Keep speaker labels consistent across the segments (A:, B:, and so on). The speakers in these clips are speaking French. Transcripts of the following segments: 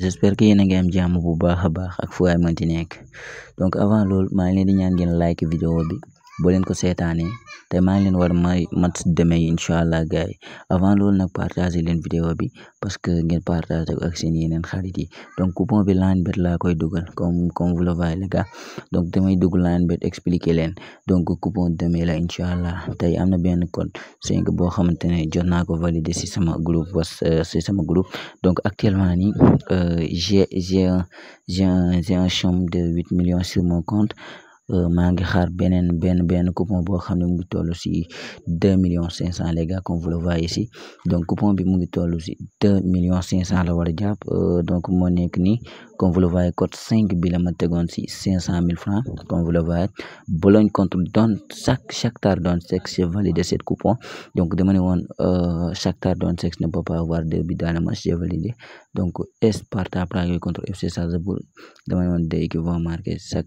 A: j'espère que yéen a ngi am bu baax a baax ak fu waay mënti nekk donc avant loolu maa ngi leen di ñaan ngeen like vidéo bi boo leen ko seetaanee te maa ngi leen war may mat demee incha allah gars yi avant loolu nag partager leen vidéo bi parce que ngeen partager ko ak seen yeneen xarit yi donc coupon bi Linebet laa koy dugal comme comme ga le voyez les gars donc expliqué dugg leen donc coupon demee la incha allah tey am na benn code cinq boo xamante ne jot naa ko valider si sama groupe euh, si sama groupe donc actuellement ni euh, j'ai j'ai un j'ai de huit million sur mon compte Euh, ma ngi xaar ben benn benn coupon boo xam 2 millions 500 les gars comme vous le voyez ici donc coupon bi mu 2 millions 500 la war a jàpp euh, donc mon ni comme vous le voyez code 5 bi la ma tegoon si 500 000 francs comme vous le voyez Bologne contre donne chaque chaque tard le sexe valide cette coupon donc de manière euh, chaque tard le sexe ne peut pas avoir de bidon dans le match j'ai validé donc est ta à contre FC Salzbourg de manière équivalent marqué chaque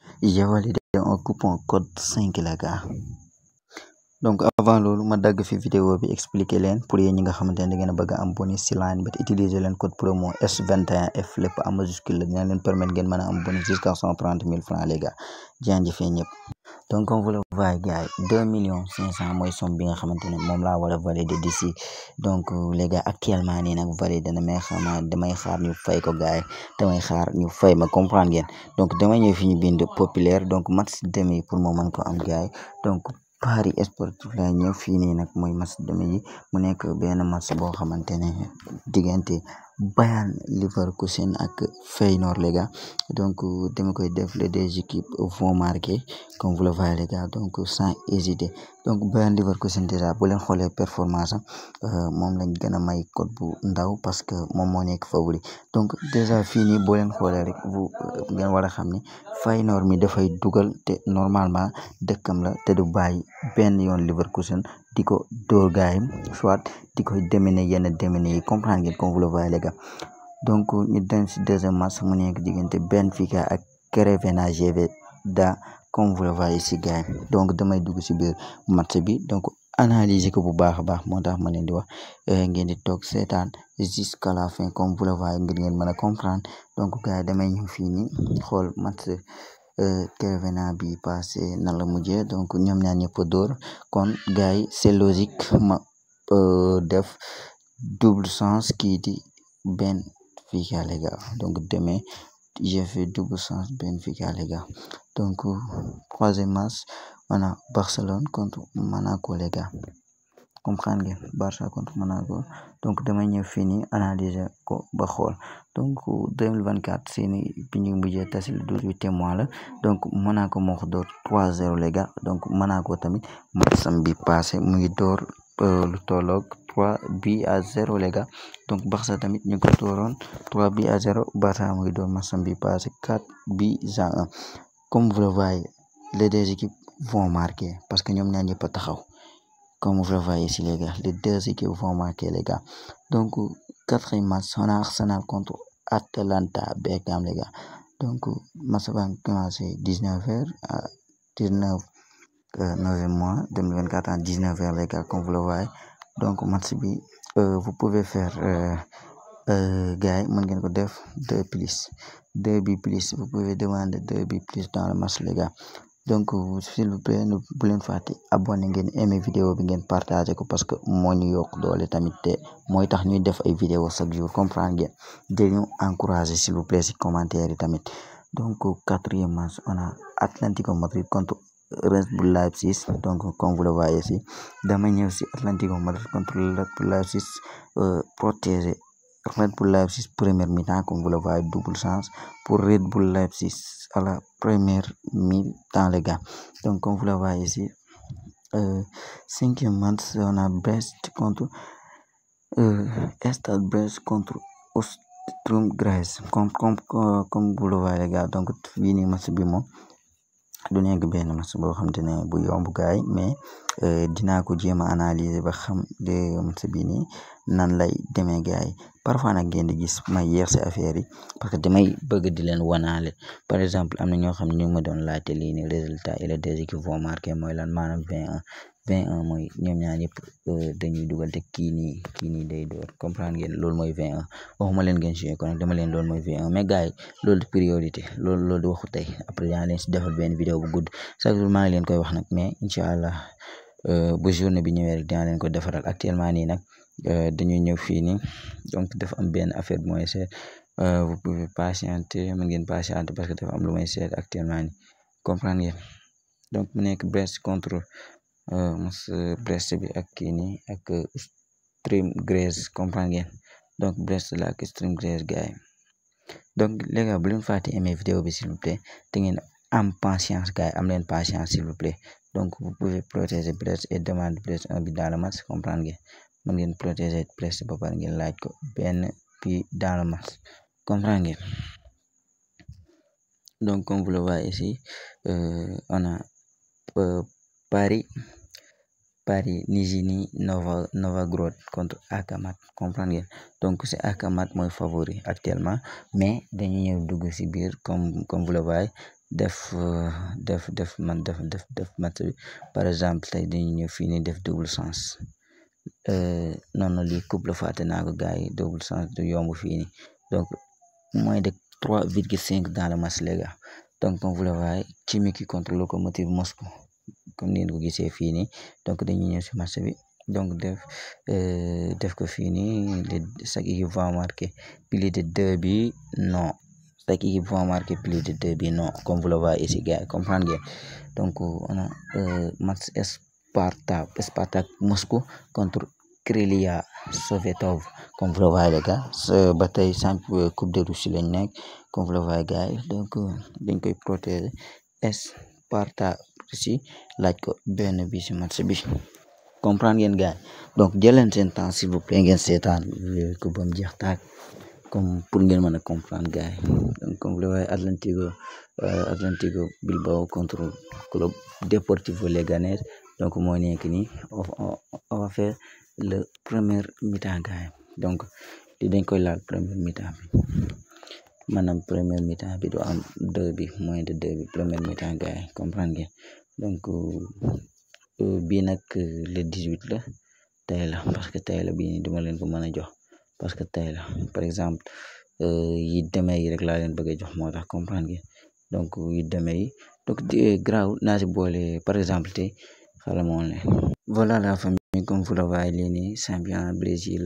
A: ya valider un coupon code 5LK. donc avant loolu ma dagg fi vidéo bi expliquer leen pour yéen nga xamante ne da ngeen a a am bonus si bet utiliser leen code promo s f lépp en majuscule la dina leen permettre ngeen mën am bonus jusqu'à cent trente mille francs les gars jaajëfee ñëpp. donc comme vous le voyez gars yi deux millions cinq cent mooy some bi nga xamante ne moom laa war a valider d'ici donc les gars actuellement nii nag valider damay xama damay xaar ñu fay ko gars yi damay xaar ñu fay ma comprendre ngeen donc damay ñëw fi ñu bind populaire donc match demi pour moo mën ko am gars donc pari sportif la ñëw fii nii nag mooy match demi yi mu nekk benn match boo xamante ne diggante Bayer Leverkusen ak Feyenoord les gars donc dama koy def les deux équipes vont marquer comme vous le voyez les gars donc sans hésiter donc Bayer Leverkusen déjà bu leen xoolee performance am euh, moom lañ gën a may code bu ndaw parce que moom moo nekk favori donc déjà fii ni boo leen xoolee rek bu euh, ngeen war a xam ni Feyenoord mi dafay dugal te normalement dëkkam la te du bàyyi benn yoon Leverkusen di ko dóor gars soit di ko dominer yenn dominer yi comprendre ngeen comme vous le voyez donc ñu dem si deuxième match mu nekk diggante Benfica ak Crevena Gvida comme da le voyez ici gars yi donc damay dugg si biir match bi donc analyser ko bu baax a baax moo tax ma leen di wax eh, ngeen di toog seetaan jusqu'à la fin comme vous le voyez ngir ngeen mën a comprendre donc gars yi damay ñëw fii xool match Euh, Kevin bi passé dans le mujjee donc nous avons ñëpp dóor kon gars c'est logique ma euh, def double sens qui di Benfica les gars donc demain j'ai fait double sens Benfica les gars donc euh, troisième match on a Barcelone contre Monaco les gars comprendre ngeen Barça contre Monaco donc damay ñëw fii fini analyser ko ba xool donc 2024 seeni sini ñu bu tase le 18 mois la donc Monaco moo ko door 3-0 les gars donc Monaco tamit matcham bi passé mu ngi door euh, lu tolloog 3 bi à 0 les gars donc Barça tamit ñu ko toron 3 bi à 0 Barça mu ngi door matcham bi passé 4 bi à 1 comme vous le voyez les deux équipes vont marquer parce que ñoom ñaar ñëpp taxaw comme vous le voyez ici les gars, les deux équipes vont marquer les gars. Donc quatrième match, on a Arsenal contre Atalanta Bergame les gars. Donc match va commencer 19h à 19 euh, 2024 à 19h les gars comme vous le voyez. Donc match bi euh, vous pouvez faire euh, euh, gars 2 plus 2 plus vous pouvez demander 2 bi plus dans le match les gars donc euh, s'il vous plaît ne vous leen abonner abonné mes vidéos vidéo bi parce que moo New York, doole tamit te mooy tax ñuy def ay vidéo chaque jour comprendre de nous encourager, s'il vous plaît si commentaire Donc, tamit donc euh, quatrième match on a Atlantico Madrid contre Red Bull Leipzig donc comme vous le voyez ici dama a si Atlético Madrid contre Red Bull Leipzig euh, protégé Red Bull Leipzig, première mi-temps, comme vous le voyez, double sens pour Red Bull Leipzig à la première mi-temps, les gars. Donc, comme vous le voyez ici, euh, cinquième match, on a Brest contre euh, Estad Brest contre Ostrom Grèce, comme, comme, comme, vous le voyez, les gars. Donc, fini match, bien du nekk benn match boo xamante ne bu yomb gaay mais euh, dinaa ko jéem a analyser ba xam de match bi nii nan lay demee gaay parfois na ngeen di gis may yeex si affaire yi parce que damay bëgg di leen wanaale par exemple am na ñoo xam ne ñu ngi ma doon laajte lii nii résultat et les deux équipes vont marquer mooy lan maanaam 21 vingt un euh, mooy ñoom ñaar ñëpp euh, dañuy dugal te kii nii kii nii day door comprendre ngeen loolu mooy vingt un euh. waxuma leen ngeen joué ko nag dama leen loolu mooy vingt un mais gars yi loolu priorité loolu loolu waxu tey après dinaa leen si defal benn vidéo bu gudd chaque jour maa ngi leen koy wax nag mais incha allah bu journée bi ñëwee rek dinaa leen ko defaral actuellement nii nag dañuy ñëw fii nii donc dafa am benn affaire bu may seet vous pouvez patienter mën ngeen patienter parce que dafa am lu may seet actuellement nii comprendre ngeen donc mu nekk Brest contre mas euh, Brest bi ak kii ni euh, ak Stream Grace comprendre ngeen donc Brest la que Stream Grace gars donc les gars bu leen vidéo bi s'il vous plaît t'es ngeen am patience gars am patience s'il vous plaît donc vous pouvez protéger Brest et demander Brest un bi dans le match comprendre ngeen ngeen protéger Brest ba pare ngeen laaj ko ben dans donc comme vous le voyez ici euh, on a euh, Paris, Paris Nizini, Nova Novgorod contre Akamat comprendre donc c'est Akamat mon favori actuellement mais dañu comme comme vous le voyez def euh, def def man def def def match par exemple tey dañu def double sens euh, non non couple couples ko double sens du yomb fini donc moins de trois dans le masse, les gars donc comme vous le voyez Kimiki contre locomotive Moscou comme ni nous ko gisee fini donc dañuy ñëw ci marché bi donc def euh, def ko fini nii chaque équipe va marquer plus de deux buts non ça équipe va marquer plus de deux buts non comme vous le voyez ici gars comprendre donc on a euh, match Spartak Spartak Moscou contre Krylia Sovetov comme vous le voyez les gars ce bataille simple euh, coupe de Russie les nekk comme vous le voyez gars donc dañ koy protéger Spartak si laaj ko benn bi si match comprendre ngeen gars donc s'il vous plaît ngeen seetaan ko comme pour ngeen comprendre gars donc comme le euh, Bilbao contre Club Deportivo Leganés donc moo nekk nii on va faire le premier mi-temps gars donc di dañ koy laal premier mi-temps bi premier mi-temps bi deux bi moins de deux bi premier mi-temps gars comprendre donc euh, euh, bien euh, que le 18 là parce que les là bii nii duma leen ko parce que tey là par exemple yi demee yi rek laa leen bëgg a jox moo tax comprendre ils donc yi demee yi donc garaaw naa si boole par exemple tey xala moon voilà la famille comme vous le voyez c'est bien champion Brésil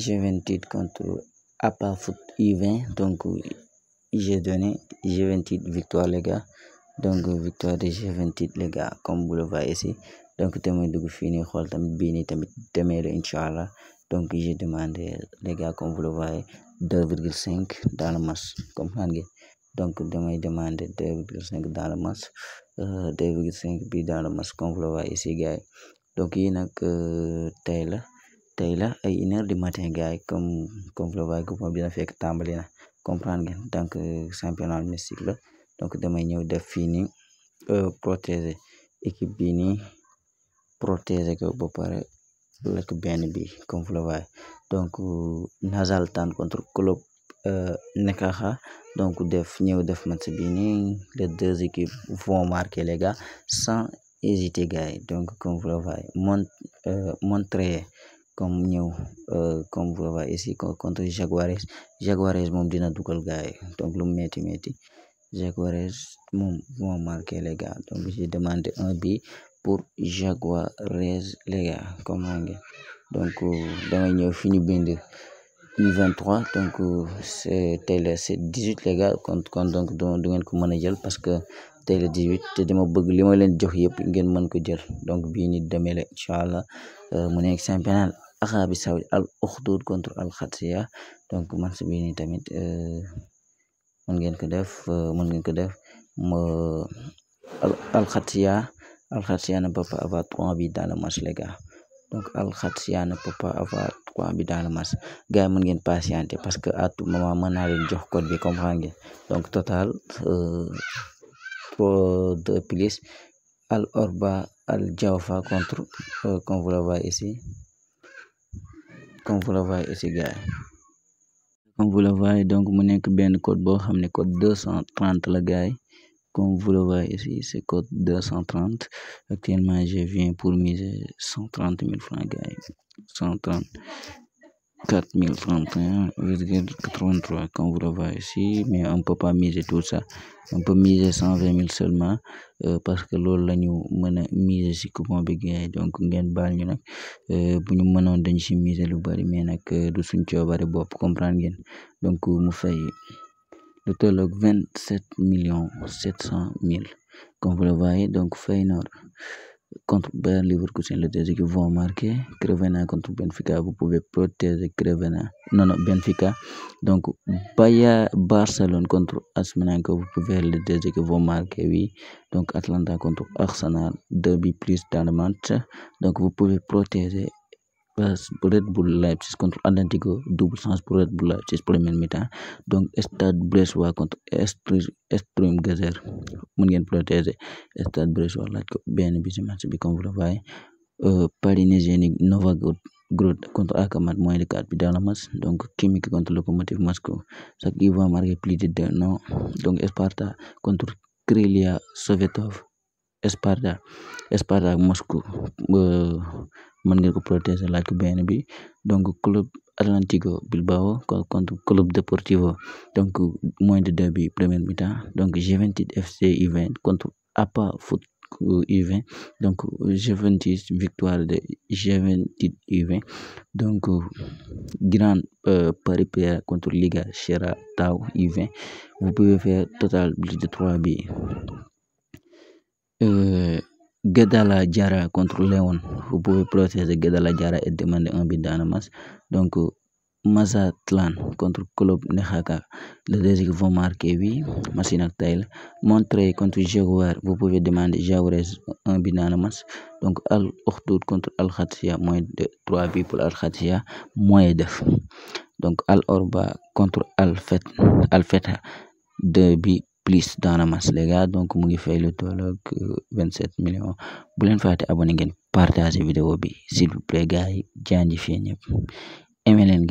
A: J'ai 28 contre part Foot U20 donc j'ai donné j'ai 28 victoire les gars donc victoire de G28 les gars comme vous le si ici donc demain dugg fii nii xool tamit bii nii tamit demee la incha allah donc j'ai demandé les gars comme vous le deux virgule cinq dans le match comprendre ngeen donc damay demandé deux virgule cinq dans le match euh, deux cinq bi dans le match comme vous le voyez ici gars yi donc yi nag euh, tey la tey la ay une heure du matin gars yi comme comme vous le voyez groupe moom dina fekk tàmbali na comprendre ngeen donc euh, championnat mystique la donc demain, manière def fini euh protéger équipe bini, nii protéger ko ba bien bi comme vous le voyez donc euh, Nasal tan contre club euh, Necaxa donc def ñeu def match prothèse. ni les deux équipes vont marquer les gars sans hésiter gars donc comme vous le voyez euh, montrer comme euh, comme vous le voyez ici contre Jaguares Jaguares mom dina dugal gars donc lu metti metti vão marcar legal. Então, você demanda un bi por Jaguares legal. Como é Donc, euh, demain, il fini bien de U23. Donc, euh, le 18 legal. Quand, quand donc, donc, donc, jël parce que tey le 18 te dama bëgg li ma leen jox yépp ngeen mën ko jël donc bi ni démé la inshallah euh mu saint championnat arabi saoudi al ukhdud contre al xatsiya donc ci bi ni tamit euh, mën ngeen ko def euh, mën ngeen ko def ma alxatiya alxatiya ne papa ava avoir trois bi dans le match les gars donc alxatiya ne papa ava avoir trois bi dans le match gars mën ngeen patienter parce que à tout moment mën naa leen jox code bi comprendre ngeen donc total euh, de plus al orba al jawfa contre comme vous le voyez ici comme vous le voyez ici gars comme vous le voyez donc mon ben code bo xamné code 230 la gars comme vous le voyez ici c'est code 230 actuellement je viens pour miser 130 000 francs gars 130 4031,83. Quand vous le voyez ici, mais on ne peut pas miser tout ça. On peut miser 120 000 seulement euh, parce que l'eau, là, nous, mën a miser si coupon bi gars donc nous, baal ñu dans euh, bu ñu mënoon dañ miser lu bari mais nag euh, du suñ coobare bopp comprendre donc on fait le tolloog 27 700 000 quand vous le voyez donc Feyenoord contre Bayer Leverkusen le deuxième qui vont marquer. Crevena contre Benfica, vous pouvez protéger Crevena. Non, non, Benfica. Donc, Bayer Barcelone contre Asmenanka, vous pouvez le deuxième qui vont marquer, oui. Donc, Atlanta contre Arsenal, 2 buts plus dans le match. Donc, vous pouvez protéger passe bu Red Bull c'est contre Atlético double chance pour Red Bull Leipzig première même temps donc Stade Bressois contre Sturm gazer mon ngeen protéger Stade Bressois laaj ko benn bi ci match bi comme vous le voyez euh, Paris-Niézénique Groot contre Akamat moins de 4 buts dans la match donc Kimik contre Lokomotiv Moscou qui va marquer plus de 2 non donc Sparta contre Krylia Sovetov Sparta Sparta Moscou euh, mën nga ko protéger like donc club Atlético Bilbao contre Club Deportivo donc moins de deux bi première mi donc Juventus FC U20 contre APA Foot U20 donc Juventus victoire de Juventus u donc Grand euh, Paris Pierre contre Liga Sharataw U20 vous pouvez faire total plus de trois bi Gedala Jara contre Leon. Vous pouvez protéger Guedala Jara et demander un bid Donc, Mazatlan contre Club Nehaka. Les deux vont marquer, oui. Massina Tail. Montré contre Jaguar. Vous pouvez demander Jaguarez un bid Donc, Al Ortoud contre Al Khatia. Moins de 3 buts pour Al Khatia. Moins de. Donc, Al Orba contre Al Fetha. Al Fetha. 2 buts plus Danamass les donc mu ngi fay lu tolloog euh, vingt sept millions bu leen fàtte abonné ngeen partager vidéo bi s'il vous plaît gars yi janji fii ñëpp aimé leen